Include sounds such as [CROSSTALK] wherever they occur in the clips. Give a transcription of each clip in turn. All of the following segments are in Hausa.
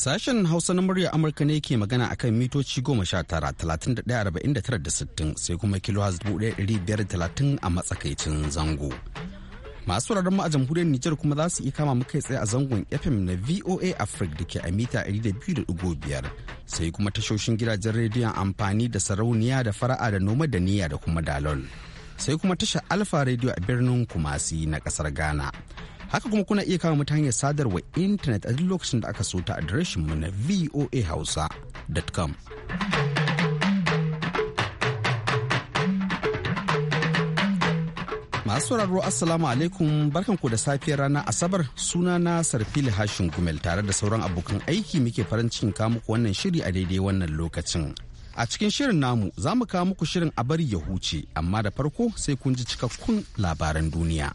Sashen Hausa na murya Amurka ne ke magana akan mitoci goma sha tara talatin da ɗaya arba'in da tara da sittin sai kuma kilo dubu ɗaya ɗari biyar talatin a matsakaicin zango. Masu wuraren mu a jamhuriyar Nijar kuma za su iya kama mu kai tsaye a zangon FM na VOA Africa da ke a mita ɗari da biyu da ɗigo biyar sai kuma tashoshin gidajen rediyon amfani da sarauniya da fara'a da noma da niyya da kuma dalol. Sai kuma tasha Alfa Radio a birnin Kumasi na ƙasar Ghana. Haka kuma kuna iya kama mutane hanyar sadarwa intanet a duk lokacin da aka so ta adireshin mu na voahausa.com. Masu sauraro Assalamu alaikum barkanku da safiyar rana Asabar suna na Sarfili Hashin Gumel tare da sauran abokan aiki muke farin cikin kawo muku wannan shiri a daidai wannan lokacin. A cikin shirin namu za mu kawo muku shirin a bari ya huce amma da farko sai kun ji cikakkun labaran duniya.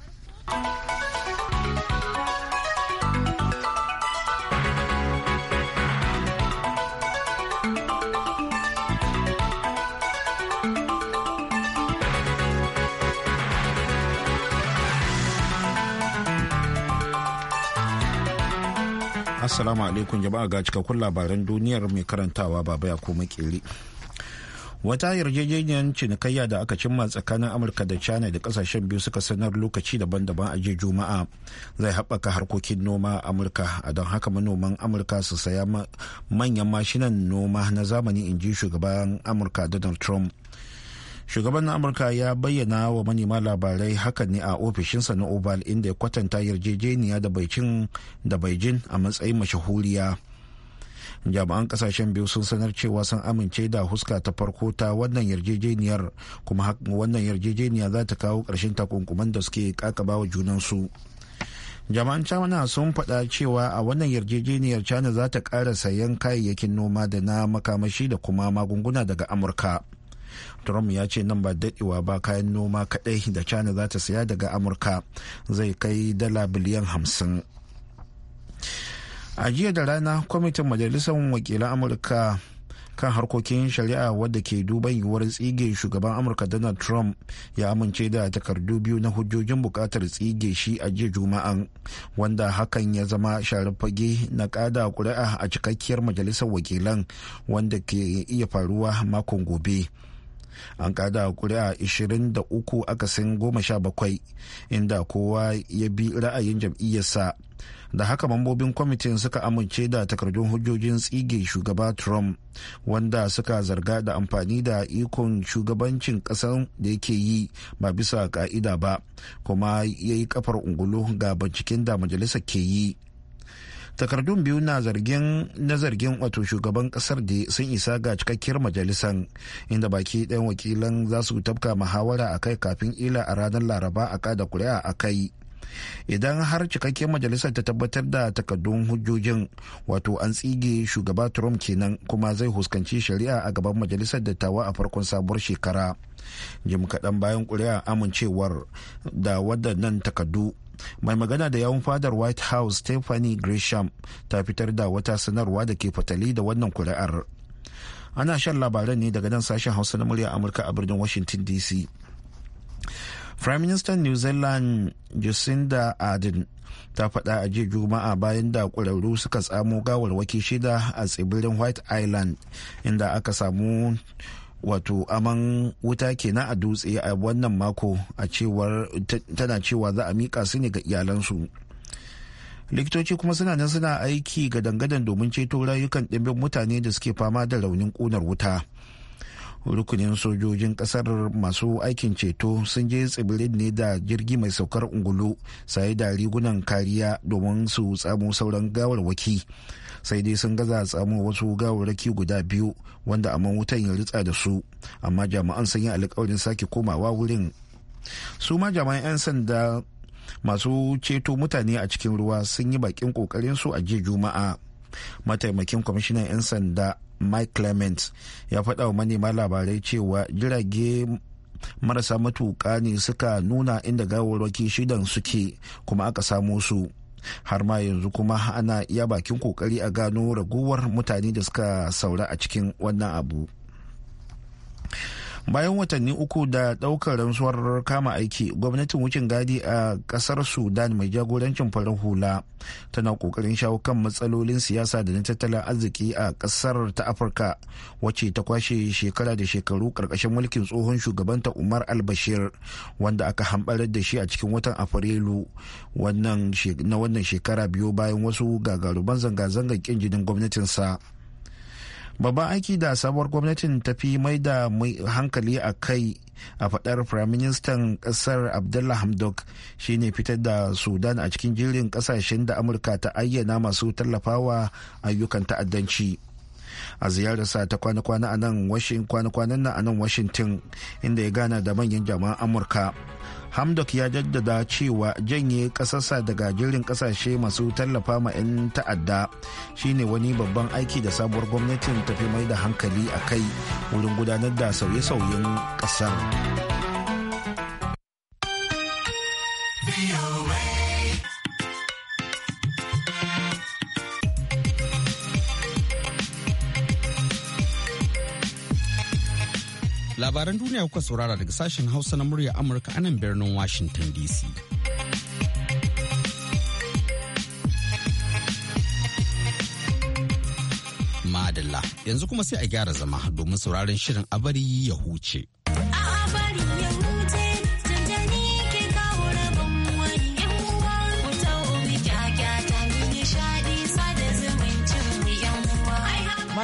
Assalamu alaikum jama'a ga cikakkun labaran duniyar mai karantawa baba ya koma kiri. Wata yarjejeniyar cinikayya da aka cimma tsakanin Amurka da China da kasashen biyu suka sanar lokaci daban-daban a jiya Juma'a zai haɓaka harkokin noma a Amurka a don haka manoman Amurka su saya manyan mashinan noma na zamani in ji shugaban Amurka Donald Trump. shugaban na amurka ya bayyana wa manema labarai hakan ne a ofishinsa na oval inda ya kwatanta yarjejeniya da beijing da beijing a matsayin mashahuriya jami'an kasashen biyu sun sanar cewa sun amince da huska ta farko ta wannan yarjejeniyar kuma wannan yarjejeniya za ta kawo ƙarshen takunkuman da suke kakabawa junansu jama'an china sun faɗa cewa a wannan yarjejeniyar china za ta ƙara sayan kayayyakin noma da na makamashi da kuma magunguna daga amurka trump ya ce nan ba dadewa ba kayan noma kadai da china za ta saya daga amurka zai kai dala biliyan hamsin a jiya da rana kwamitin majalisar wakilan amurka kan harkokin shari'a wadda ke duban yiwuwar tsige shugaban amurka donald trump ya amince da takardu biyu na hujjojin bukatar tsige shi a jiya juma'an wanda hakan ya zama fage na kada ƙuri'a a cikakkiyar majalisar wakilan wanda ke iya faruwa makon gobe. an kada kuri'a 23 akasin 17 inda kowa ya bi ra'ayin jam'iyyarsa da haka mambobin kwamitin suka amince da takardun hujjojin tsige shugaba trump wanda suka zarga da amfani da ikon shugabancin kasan da yake yi ba bisa ka'ida ba kuma ya yi kafar ungulu ga binciken da majalisa ke yi takardun biyu na zargin na zargin wato shugaban kasar da sun isa ga cikakkiyar majalisan inda baki ɗayan wakilan za su tafka muhawara a kai kafin ila a ranar laraba a kada kuri'a a kai idan har cikakkiyar majalisar ta tabbatar da takardun hujjojin wato an tsige shugaba trump kenan kuma zai huskanci shari'a a gaban majalisar dattawa a farkon sabuwar shekara jim kaɗan bayan ƙuri'a amincewar da waɗannan takardu. mai magana da yawun fadar white house stephanie gresham ta fitar da wata sanarwa da ke fatali da wannan kuri'ar ana shan labaran ne daga nan sashen hausa na murya amurka a birnin washington dc prime minister new zealand jacinda ardern ta faɗa a jiya juma'a bayan da ƙwararru suka tsamo gawarwaki shida a tsibirin white island inda aka samu wato aman wuta kenan a dutse a wannan mako a cewar tana cewa za a miƙa su ne ga iyalansu likitoci kuma suna nan suna aiki ga dangadan domin ceto rayukan ɗimbin mutane da suke fama da raunin ƙunar wuta rukunin sojojin kasar masu aikin ceto sun je tsibirin ne da jirgi mai saukar ungulu saye da rigunan kariya domin su tsamo sauran gawarwaki sai dai sun gaza tsamo wasu gawarraki guda biyu wanda amman wutan ya ritsa da su amma jama'an sun yi alkawarin sake komawa wurin su ma jami'an 'yan sanda masu ceto mutane a cikin ruwa sun yi bakin kokarin su a jiya juma'a mataimakin kwamishinan 'yan sanda mike clement ya faɗa wa manema labarai cewa jirage marasa matuƙa ne suka nuna inda gawarwaki shidan suke kuma aka samo su har ma yanzu kuma ana iya bakin kokari a gano raguwar mutane da suka saura a cikin wannan abu bayan watanni uku da daukar rantsuwar kama aiki gwamnatin wucin gadi a kasar sudan mai jagorancin farin hula tana kokarin shawo kan matsalolin siyasa da na tattalin arziki a kasar ta afirka wacce ta kwashe shekara da shekaru karkashin mulkin tsohon shugabanta umar albashir wanda aka hambarar da shi a cikin watan afrilu na wannan shekara biyu bayan wasu gagaruman zanga-zangar kin jinin gwamnatinsa. babban aiki da sabuwar gwamnatin ta fi mai da hankali a kai a fadar firaministan kasar abdullah hamdok shine fitar da sudan a cikin jirin kasashen da amurka ta ayyana masu tallafawa ayyukan ta'addanci a ziyararsa ta kwana-kwana a nan washington inda ya gana da manyan jama'an amurka hamdok ya jaddada cewa janye kasarsa daga jirin kasashe masu tallafa ma 'yan ta'adda shine wani babban aiki da sabuwar gwamnatin tafi mai da hankali a kai wurin gudanar da sauye-sauyen kasar. labaran duniya kuka saurara daga sashen hausa na murya amurka anan birnin washington dc madalla yanzu kuma sai a gyara zama domin sauraron shirin abari ya huce.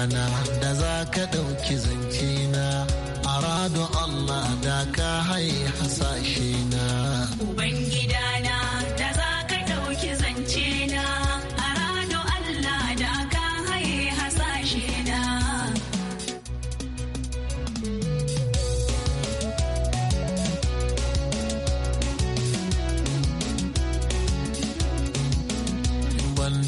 rana da za ka ɗauki zance na a radu Allah da ka haihu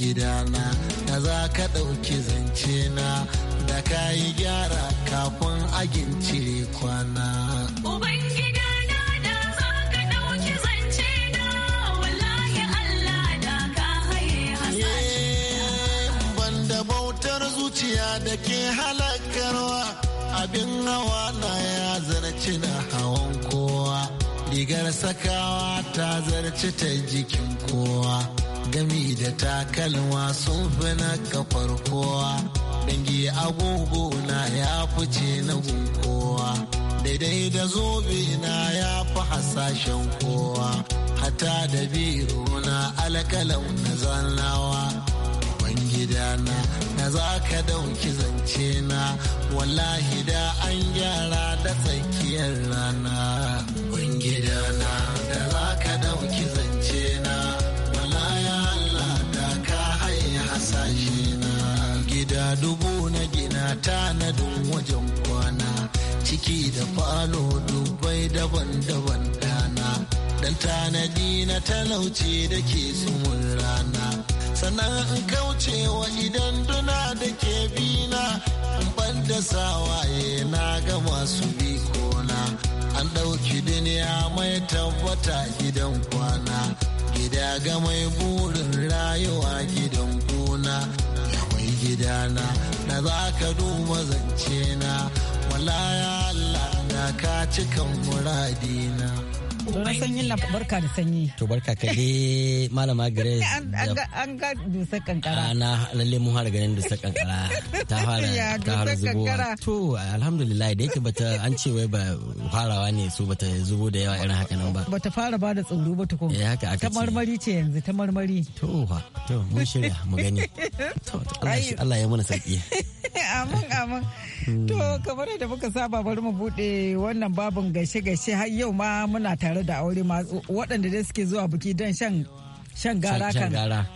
gidana da za ka ɗauki zance na da ka yi gyara kafin agince kwana. zuciya da ke halakarwa abin hawa na ya zarci na hawan kowa rigar sakawa ta zarci ta jikin kowa gami da takalma sun fi na kafar kowa dangi agogo na ya fice na kowa daidai da zobe na ya fi hasashen kowa hata da biro na alkalau na zannawa gidana na za ka dauki zance na wallahi da an gyara da tsakiyar rana tanadin wajen kwana ciki da falo dubbai daban-daban dana dan tanadi na talauce da ke sumun rana sannan in kaucewa idan duna da ke bina in ban da sawaye na ga masu bikona an ɗauki duniya mai tabbata gidan kwana gida ga mai burin rayuwa gidan gona ya mai gidana za ka duba zance na wala ya Allah na ka cikan muradina. Tsoron sanyin na barka da sanyi. To barka ka dai [LAUGHS] malama Grace. An ga dusar kankara. Ana lalle mun har ganin dusar kankara. Ta fara [LAUGHS] ta fara zubo. To alhamdulillah da yake bata an ce wai ba farawa ne so bata zubo da yawa irin haka nan ba. Bata fara ba da tsoro ba tukun. Eh haka aka ce. Ta marmari ce yanzu ta marmari. To ha to mun shirya mu gani. [LAUGHS] To Allah ya mana sauki. Amin amin. To kamar yadda muka saba bari mu bude wannan babun gaishe-gaishe har yau ma muna tare da aure waɗanda da suke zuwa biki don shan shan gara kan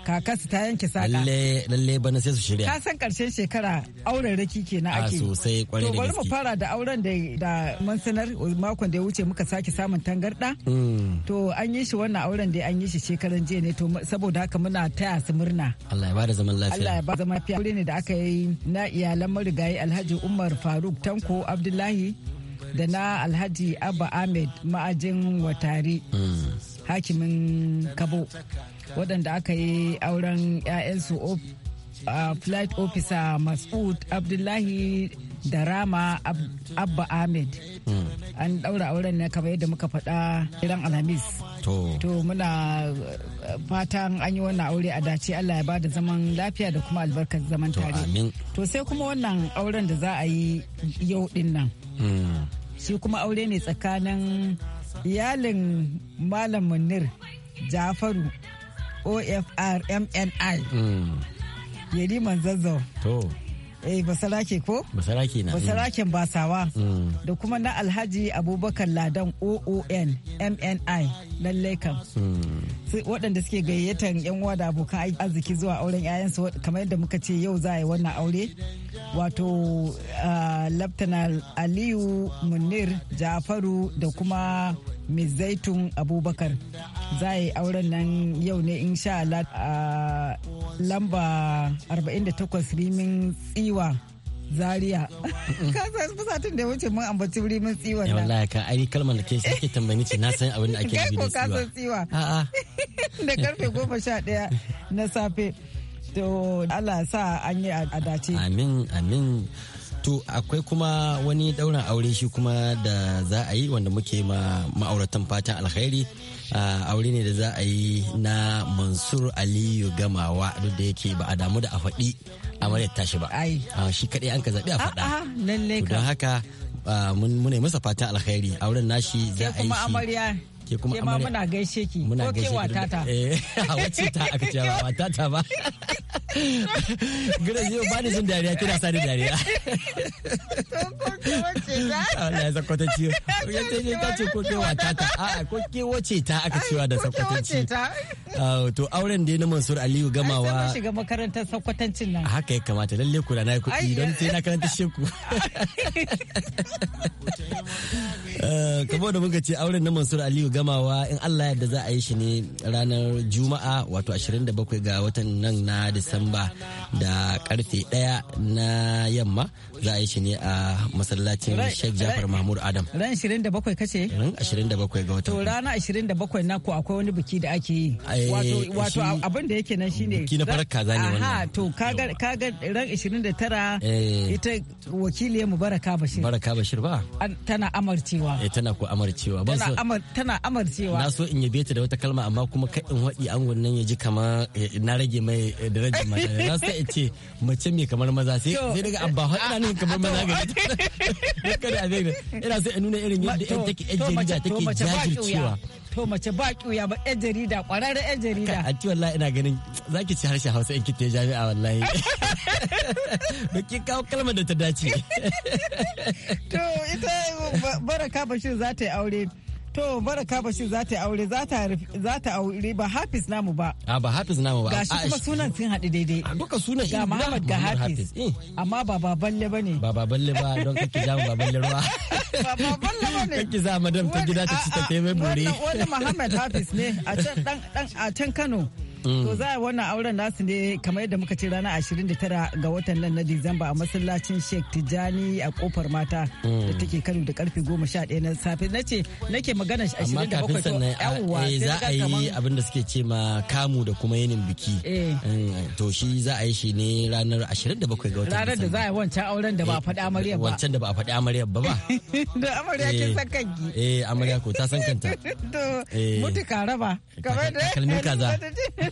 kakarsu ta yanke saka lalle lalle bana sai su shirya ka san karshen shekara auren raki na ah, ake sosai kwarai da gaske to bari mu fara da auren da da mun sanar makon da ya wuce muka sake samun tangarda hmm. to an yi shi wannan auren da an yi shi shekaran jiya ne to saboda haka muna taya su murna Allah ya bada zaman lafiya Allah ya bada zaman lafiya ne da aka yi na iyalan marigayi Alhaji Umar Faruk Tanko Abdullahi da na Alhaji Abba Ahmed ma'ajin Watari hmm. hakimin Kabo waɗanda aka yi auren 'ya'yansu flight officer masud abdullahi da rama abba ahmed hmm. an ɗaura auren ne kamar yadda muka faɗa ran alhamis to muna eh, fatan an yi wannan aure a dace allah ya ba da zaman lafiya da kuma albarkar zaman tare to sai kuma wannan auren da za a yi yau din nan hmm. shi kuma aure ne tsakanin iyalin malam munir jafaru Ofr Mni. Hmm. yariman zazzau to eh basarake ko basarake na eh. basaraken basawa hmm. da kuma na alhaji abubakar ladan oon mni lallai kan hmm. waɗanda suke gayyatan yan uwa da abokan arziki zuwa auren 'ya'yansu kamar yadda muka ce yau za a yi wannan aure wato laftanar aliyu munir jafaru da kuma zaitun abubakar za a yi auren nan yau ne insha Allah a lamba 48 rimin tsiwa zaria [LAUGHS] ka san fusatin da wuce mun ambaci wuri mun tsiwon eh, nan wallahi ka ai kalmar da ke sake tambayi ce na san abin da ake nufi da tsiwa ka tsiwa [LAUGHS] da karfe 11 na safe to Allah sa an yi a dace amin amin to akwai kuma wani daurin aure shi kuma da za a yi wanda muke ma ma'auratan fatan alkhairi aure ne da za a yi na mansur aliyu gamawa duk da yake ba a damu da a faɗi amaryar tashi ba shi kaɗai an ka zaɓi a faɗa don haka mun masa fatan alkhairi auren nashi za a yi shi ke kuma amarya muna gaishe ki ke gaishe ki eh [LAUGHS] a wacce ta aka ce ba [LAUGHS] tata ba [LAUGHS] Grace yau ba ni jin dariya kira sa ni dariya. [LAUGHS] Allah ya sakwata ciwo. Ya ce ne ta ce ko ke wata ta. A'a ko ke wace ta aka cewa da Ah, To auren dai na Mansur Aliyu gamawa. Ai shiga makarantar sakwatancin nan. Haka ya kamata lalle kula na ku don sai na karanta sheku. [LAUGHS] Eh, kamar da muka ce auren na Mansur Aliyu gamawa in Allah yadda za a yi shi ne ranar Juma'a wato 27 ga watan nan na Disamba. Disamba da karfe ɗaya na yamma za a yi shi ne a masallacin Sheikh Jafar Mahmud Adam. Ran 27 kace? Ran 27 ga watan. To rana 27 na ku akwai wani biki da ake yi. Wato abin da yake nan shine. Biki na farar kaza ne wannan. to kaga kaga ran 29 eh. ita wakiliyar mu Baraka Bashir. Baraka Bashir ba? Tana amarcewa. Eh tana ko amarcewa. Tana amarcewa. Na so in yabe ta da wata kalma amma kuma kai in waɗi an wannan ya ji kama eh, na rage mai eh, darajar mata za su ce mace mai kamar maza sai daga abba ina nan kamar maza ga kada a zai ina sai nuna irin yadda yan take yan jarida take jajircewa to mace ba kiuya ba yan jarida kwararre yan jarida a ci wallahi ina ganin zaki ci harshen Hausa in kite jami'a wallahi [LAUGHS] baki kawo kalmar da ta dace [LAUGHS] to ita baraka bashir za ta yi aure To Baraka Bashir za ta aure za ta aure ba Hafiz namu ba. A ah, ba Hafiz namu ba. Gashi kuma sunan sun haɗu daidai. Ah, duka sunan ga Muhammad ga Hafiz. Eh. Amma ba baballe ba ne. Ba baballe ba don kake zamu baballe ruwa. [LAUGHS] Ba baballe ba ne. Kake za madam ta gida ta ci ta kai mai bore. Wannan Muhammad Hafiz ne a can Kano. Mm. To za a wannan auren nasu ne kamar yadda muka ce ranar tara ga watan nan na Disamba a masallacin Sheikh tijani a kofar mata mm. da take Kano da karfe goma sha 11 na safe nace nake magana ashirin da bakwai to kafin sannan eh, za a yi abinda da suke ce ma kamu da kuma yinin biki. Eh. Mm, to shi za a yi shi ne ranar ashirin da bakwai ga watan Ranar da za a yi wancan auren da ba a faɗi eh, amarya ba. Wancan da ba a faɗi amarya ba ba. [LAUGHS] Da amarya ke san kanki. Eh amarya ko ta san kanta. [LAUGHS] To mutu ka raba. Kamar da kalmin kaza.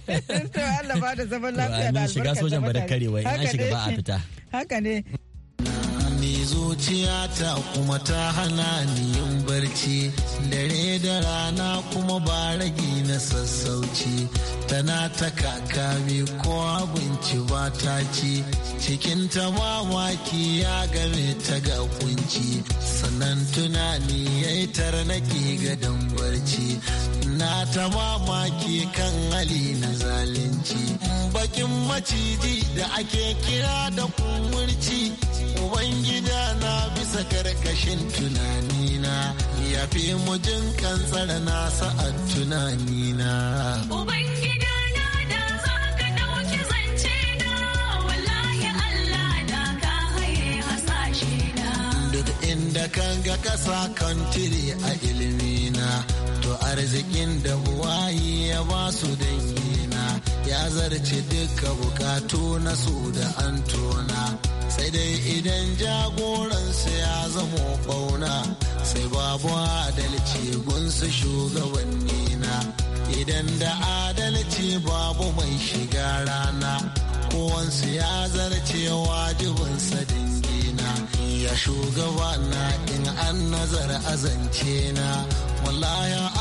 to Allah ba da zaman lafiya da albarka shiga sojan ba da karewa ina shiga ba a fita haka ne ni zuciya ta kuma ta hana ni yin barci dare da rana kuma ba ragi na sassauci tana ta kakami ko abinci ba ta ci cikin ta mamaki ya game ta ga kunci sannan tunani ya yi tarnaki ga barci na ta mamaki kan hali na zalunci bakin maciji da ake kira da kumurci ubangida na bisa karkashin tunanina ya fi mujin kansar nasa a tunanina Duk inda kan ga kasa kan tiri a ilimina arzikin da buwayi ya ba su dangina ya zarce duka bukatu na su da an tona sai dai idan jagoransu ya zamo bauna sai babu adalci gunsu shugabannina idan da adalci babu mai shiga rana kowansu ya zarce wajibinsa dangina ya shugaba na in an nazar azance na wallahi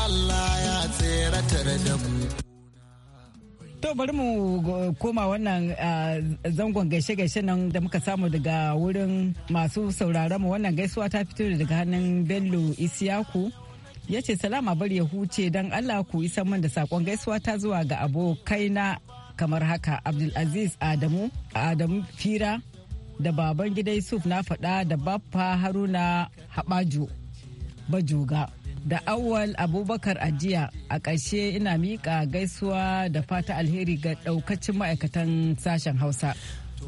To bari mu koma wannan zangon gaishe-gaishe nan da muka samu daga wurin masu sauraron mu wannan gaisuwa ta fito daga hannun Bello Isiyaku. Ya ce salama bari ya huce don Allah ku isa man da sakon gaisuwa ta zuwa ga abokaina kamar haka Abdulaziz Adamu, Adamu Fira da baban gida Yusuf na faɗa da baffa Haruna habaju Bajuga. da awal abubakar ajiya a ƙarshe ina miƙa gaisuwa da fata alheri ga ɗaukacin ma'aikatan sashen hausa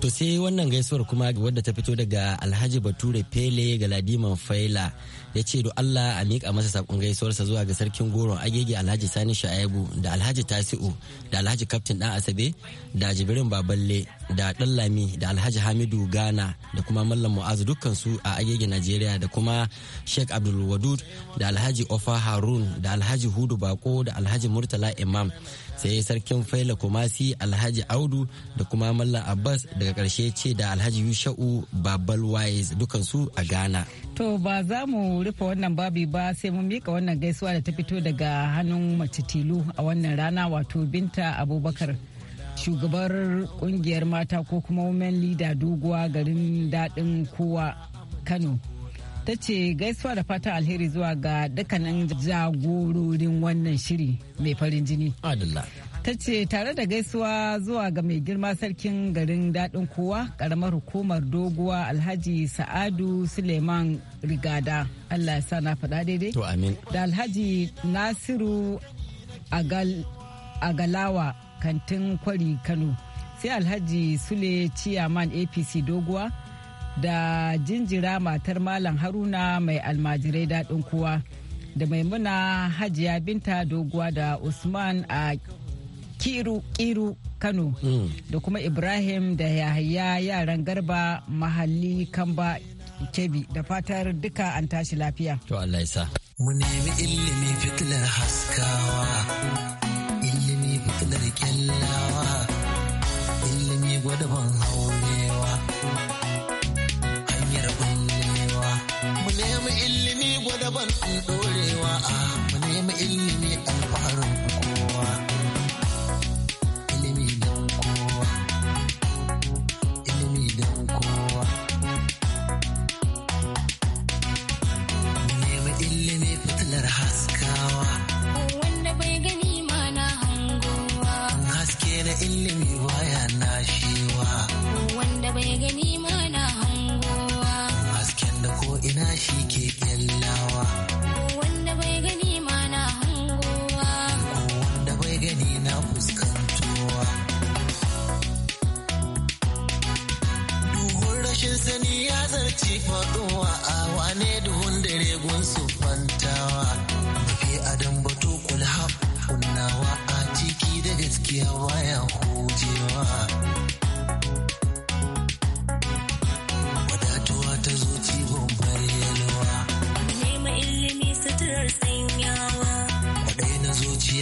To sai wannan gaisuwar kuma wadda ta fito daga Alhaji Bature Pele ga Ladiman Faila ya ce do Allah a miƙa masa sakon gaisuwarsa zuwa ga sarkin goron agege Alhaji Sani Sha'ibu da Alhaji Tasi'u da Alhaji Kaftin Dan Asabe da Jibrin Baballe da Dallami da Alhaji Hamidu Gana da kuma Mallam Mu'azu dukkan su a agege Najeriya da kuma Sheikh Abdulwadud da Alhaji Ofa Harun da Alhaji Hudu Bako da Alhaji Murtala Imam sai sarkin faila kumasi alhaji audu da kuma mallam abbas daga karshe ce da alhaji yusha'u babal wise dukansu a ghana to ba za mu rufe wannan babi ba sai mun mika wannan gaisuwa da ta fito daga hannun mace tilu a wannan rana wato binta abubakar shugabar kungiyar mata ko kuma women leader doguwa garin daɗin kowa kano ta ce gaisuwa da fata alheri zuwa ga dukkanin jagororin wannan shiri mai farin jini. Ta ce tare da gaisuwa zuwa ga mai girma sarkin garin daɗin kowa ƙaramar hukumar doguwa Alhaji Sa'adu Suleiman Rigada. Allah ya na faɗa daidai. Da Alhaji Nasiru Agalawa kantin kwari Kano. Sai Alhaji Sule Ciyaman APC doguwa. da jinjira matar malam haruna mai almajirai daɗin kowa da maimuna hajiya binta doguwa da usman a kiru kiru kano mm. da kuma ibrahim da yahaya yaran garba mahalli kamba kebi da fatar duka an tashi lafiya to allah ya sa mu nemi ilimi fitilar haskawa ilimi fitilar kyallawa ilimi gwada ban ilmi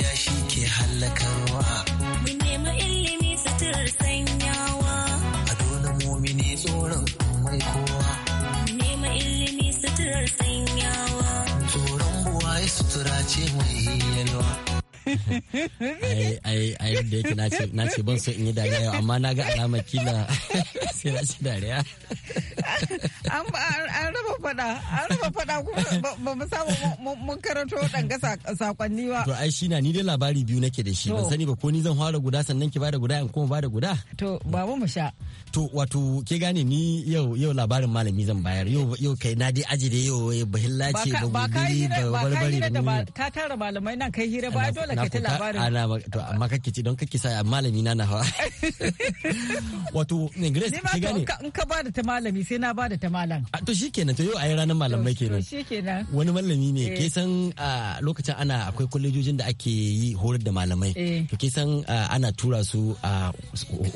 ƙarya shi ke hallakarwa a yi da yake na ce ban so in yi dariya yau amma na ga alama kila sai na ce dariya an raba fada an raba fada kuma ba mu samu mun karanto danga sakonni ba to ai shi na ni dai labari biyu nake da shi ban sani ba ko ni zan fara guda sannan ki bada guda in kuma bada guda to ba mu sha to wato ke gane ni yau yau labarin malami zan bayar yau yau kai na dai aji da yau eh, bahilla ce ba guduri ba barbari ba ka tara malamai nan kai hira ba dole ka ta labarin ana to amma kake ci don kake sa malami na na hawa [LAUGHS] wato ne eh, grace ki gane in ka bada ta malami sai na bada ta malam ah, to shikenan to yau ayi ranar malamai kenan shikenan wani malami ne eh. ke san ah, lokacin ana akwai kwalejojin da ake yi horar da malamai eh. to ke san ah, ana tura su a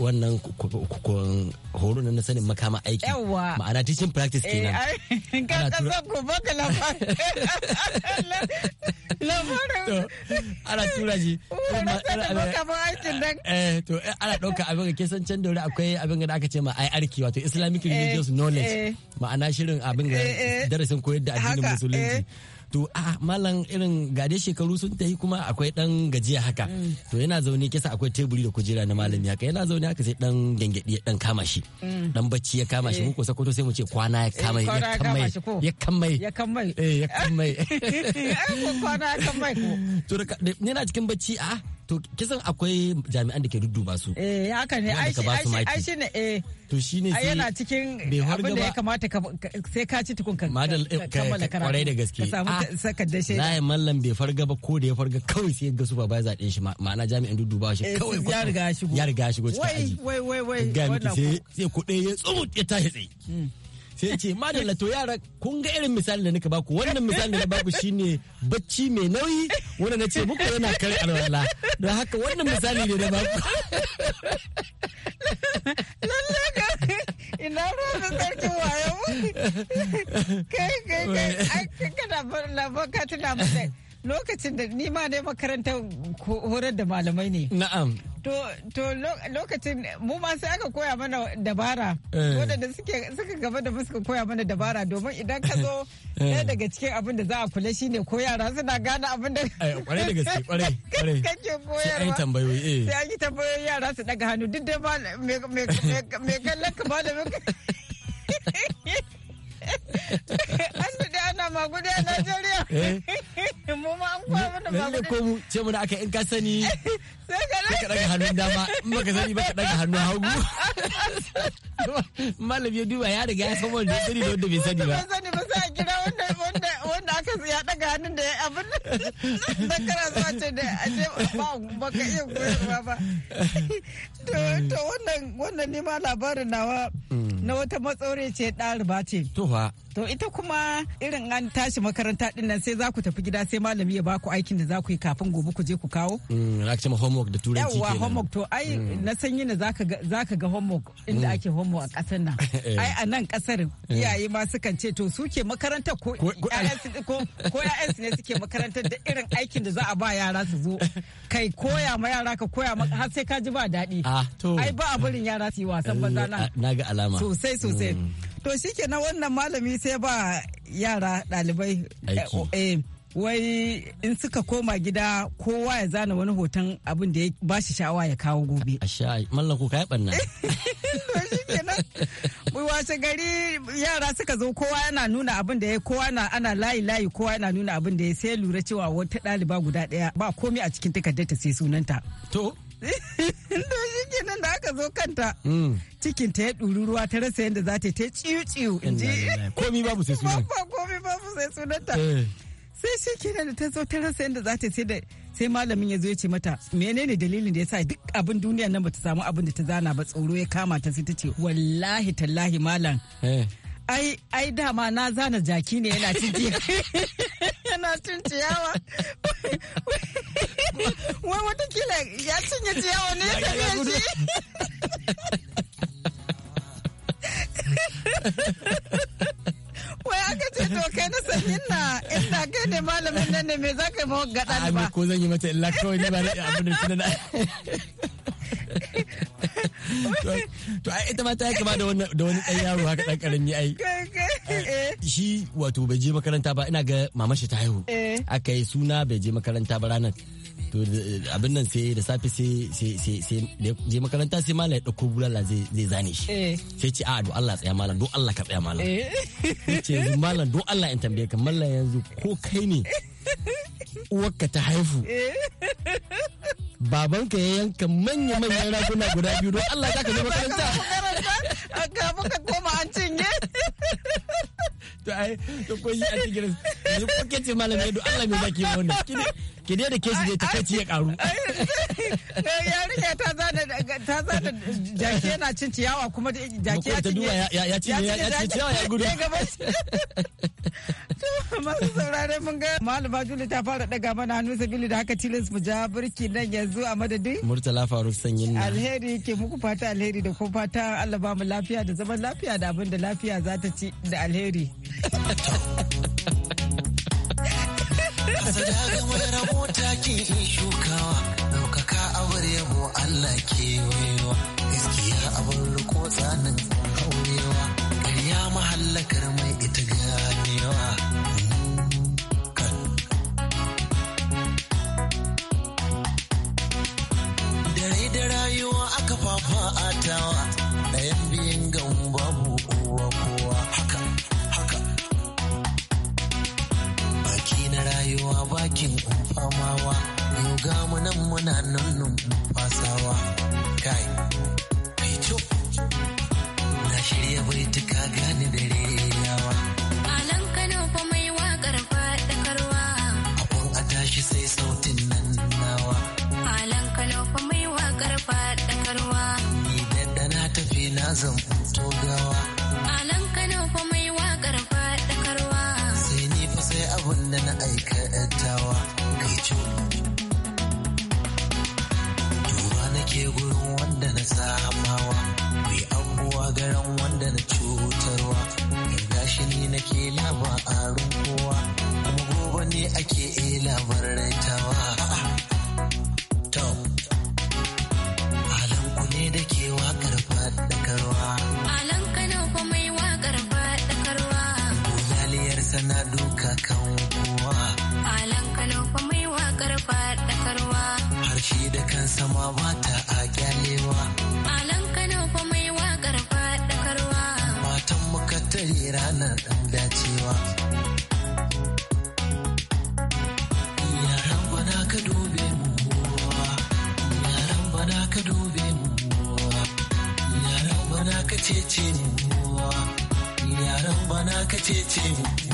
wannan horo na sanin makama aiki ma'ana teaching practice kenan [LAUGHS] ka kasa baka labarin [LAUGHS] ana tura tura ji [LAUGHS] eh to eh, ana ɗauka abin ke san can daure akwai abin da aka ce ma arki wato Islamic eh, Religious Knowledge eh. ma'ana shirin abin da darasin koyar da addinin musulunci to a malam irin gade shekaru sun tafi kuma akwai dan gajiya haka mm. to yana zaune kisa akwai teburi da kujera na ya haka yana zaune haka sai dan gengedi ya dan kama shi dan mm. bacci ya kama shi eh. muku sakoto sai mu ce kwana ya eh, kama ya kama ya kama ya kama eh ya kammai [LAUGHS] eh, kwana ya kama ko to yana cikin bacci a to kisan akwai jami'an da ke dudduba su eh haka ne ai ai shi ne eh to ne sai yana cikin abin da ya kamata sai ka ci tukun ka madal kwarai da gaske ka samu saka da shi. zai mallam bai farga ba ko da ya farga kawai sai ga supervisor din shi ma'ana jami'in duduba shi eh, kawai ya riga shigo ya riga shigo cikin aji wai wai wai sai sai kuɗe ya tsumut ya tashi tsaye hmm. sai ce madalla to yara kun ga irin misalin da nika baku wannan misalin da na baku shine bacci mai nauyi wanda na ce muku yana kare alwala don haka wannan misali ne da baku [LAUGHS] lalle ga ina ranar sarki wayo [LAUGHS] kai kai kai kana labar ka tuna mutai lokacin da ni ma dai makarantar horar da malamai ne. Na'am. To lokacin mu ma sai aka koya mana dabara. Eh. Wadanda suka gaba da suka koya mana dabara domin idan ka zo [LAUGHS] eh. ɗaya daga cikin abin da za a kula shi ne ko yara suna gane abin da. Kwarai eh, da gaske kwarai [LAUGHS] Kake koyarwa. Sai an tambayoyi Sai an yi tambayoyi yara su daga hannu duk da mai kallon ka malamin ka. [LAUGHS] an da ana magudu a Najeriya. in [LAUGHS] mu ma an mana ba lalle ko mu ce mu da aka in ka sani [LAUGHS] sai ka daga hannun dama in baka sani ba ka daga hannun hagu [LAUGHS] malami ya duba ya riga ya san wanda sani da wanda bai sani ba sani ba sai a kira wanda wanda wanda aka ya daga hannun da ya abin [LAUGHS] da kana zuwa ce da a ce ba ka iya koyarwa ba [LAUGHS] to to wannan wannan ne ma labarin nawa na wata matsaure ce ɗaliba ce to to ita kuma irin an tashi makaranta din nan sai za ku tafi gida sai malami ya baku aikin da za ku yi kafin gobe ku je ku kawo na mm, ce ma homework da turanci kenan yawa homework to ai mm. na sanyi ne zaka zaka ga homework inda mm. ake homework a kasar nan [LAUGHS] eh. ai a nan kasar eh. iyaye ma sukan ce to suke makaranta ko ko ya'yansu ne suke makarantar da irin aikin da za a ba yara su zo kai koya ma yara ka koya ma har sai ka ji ba daɗi ah, ai ba a barin yara su yi wasan banza eh, na ga alama sosai sosai mm. to shikenan wannan malami sai ba yara ɗalibai eh, oh, eh, wai in suka koma gida kowa ya zana wani hoton abin da ya ba shi sha'awa ya kawo gobe. A [LAUGHS] sha mallaku ka yi ɓanna. [LAUGHS] washe gari yara suka zo kowa yana nuna abin da ya kowa na ana layi layi kowa yana nuna abin da ya sai lura cewa wata ɗaliba guda ɗaya ba komai a cikin takardarta ta sai sunanta. To. Ndo [LAUGHS] shi kenan da aka zo kanta mm. cikin ta ya ɗuri ruwa ta rasa yadda za ta yi ta ciyu ciyu. Komi babu sai sunanta. Komi babu sai sunanta. sai shi kenan da ta zo ta rasa yadda za ta sai da sai malamin ya zo ya ce mata menene dalilin da ya sa duk abin duniya nan bata samu abin da ta zana ba tsoro ya kama ta sai ta ce wallahi tallahi malam eh. ai ai dama na zana jaki ne yana cin [LAUGHS] yana cin ciyawa wai watakila ya cinye ciyawa ne ya tafiya shi [LAUGHS] to kai na san inna inna kai ne malamin nan ne me za ka yi mawa ga ɗaliba. Ami ko zan yi mata illa kawai ne ba da abin da tunan. To ai ita ma ta yi kama da wani ɗan yaro haka ɗan karami ai. Eh, eh. Shi wato bai je makaranta ba ina ga mamashi ta haihu. Eh. Aka yi suna bai je makaranta ba ranar. to eh, abin nan sai da safe sai sai sai je makaranta sai malam ya dauko bulala zai zane shi eh. sai ce a do Allah tsaya malam do Allah ka tsaya malam eh. ce yanzu malam do Allah in tambaye ka malam yanzu ko kai ne uwarka ta haifu [LAUGHS] babanka ya yanka manya-manyan raguna guda biyu don Allah za ka zo makaranta kafin ka koma an cinye [LAUGHS] to ai to koyi a cikin yanzu ko ke ce malam ya do Allah mai zaki wannan ki dai da kesi dai ta kai ya karu yarinya ta zana ta zana jaki yana cin ciyawa kuma jaki ya cinye ya cinye ya cinye ciyawa ya gudu [LAUGHS] masu saurare mun ga malama juli ta fara daga mana hannu sabili da haka tilas mu ja birki nan yanzu a madadin murtala faruk sanyin na alheri ke muku fata alheri da kuma fata allah ba mu lafiya da zaman lafiya da abin da lafiya za ta ci da alheri [LAUGHS] Hasada ga mai rabota ke shukawa, ɗaukaka abar yabo Allah ke wayewa. Gaskiya abar riko tsanin haurewa, ƙarya mahallakar mai ita ganewa. Dare da rayuwa aka fafa atawa. kamawa yau ga mu nan muna nan fasawa kai fito na shirya bai tuka gani da yawa तिला वरडायचा वा 那个姐姐。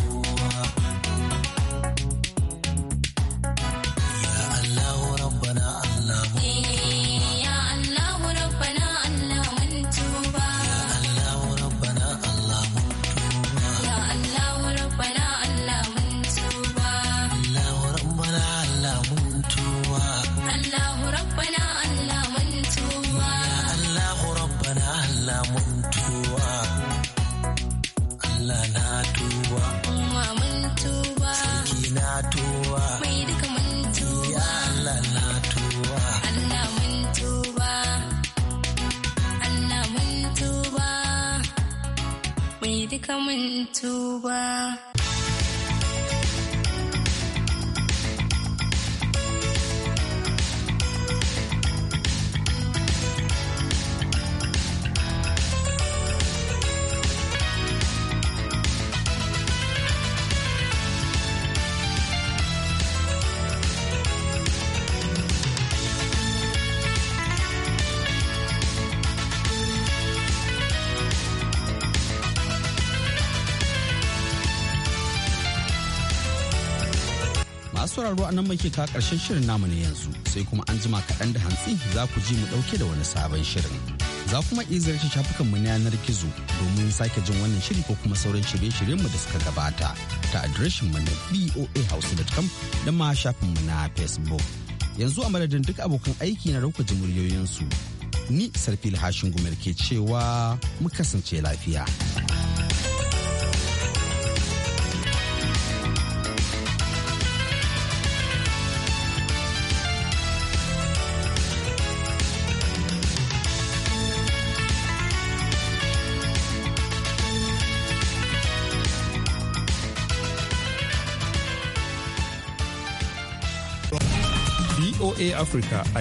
over. sauraro a nan muke ka karshen shirin namu ne yanzu sai kuma an jima kaɗan da hantsi za ku ji mu ɗauke da wani sabon shirin. Za kuma iya ziyarci shafukan mu na yanar gizo domin sake jin wannan shiri ko kuma sauran shirye-shiryen mu da suka gabata ta adireshin mu na boahouse.com da ma shafin mu na Facebook. Yanzu a madadin duk abokan aiki na rauka muryoyinsu. Ni Sarfil Hashin gumar ke cewa mu kasance lafiya. Africa and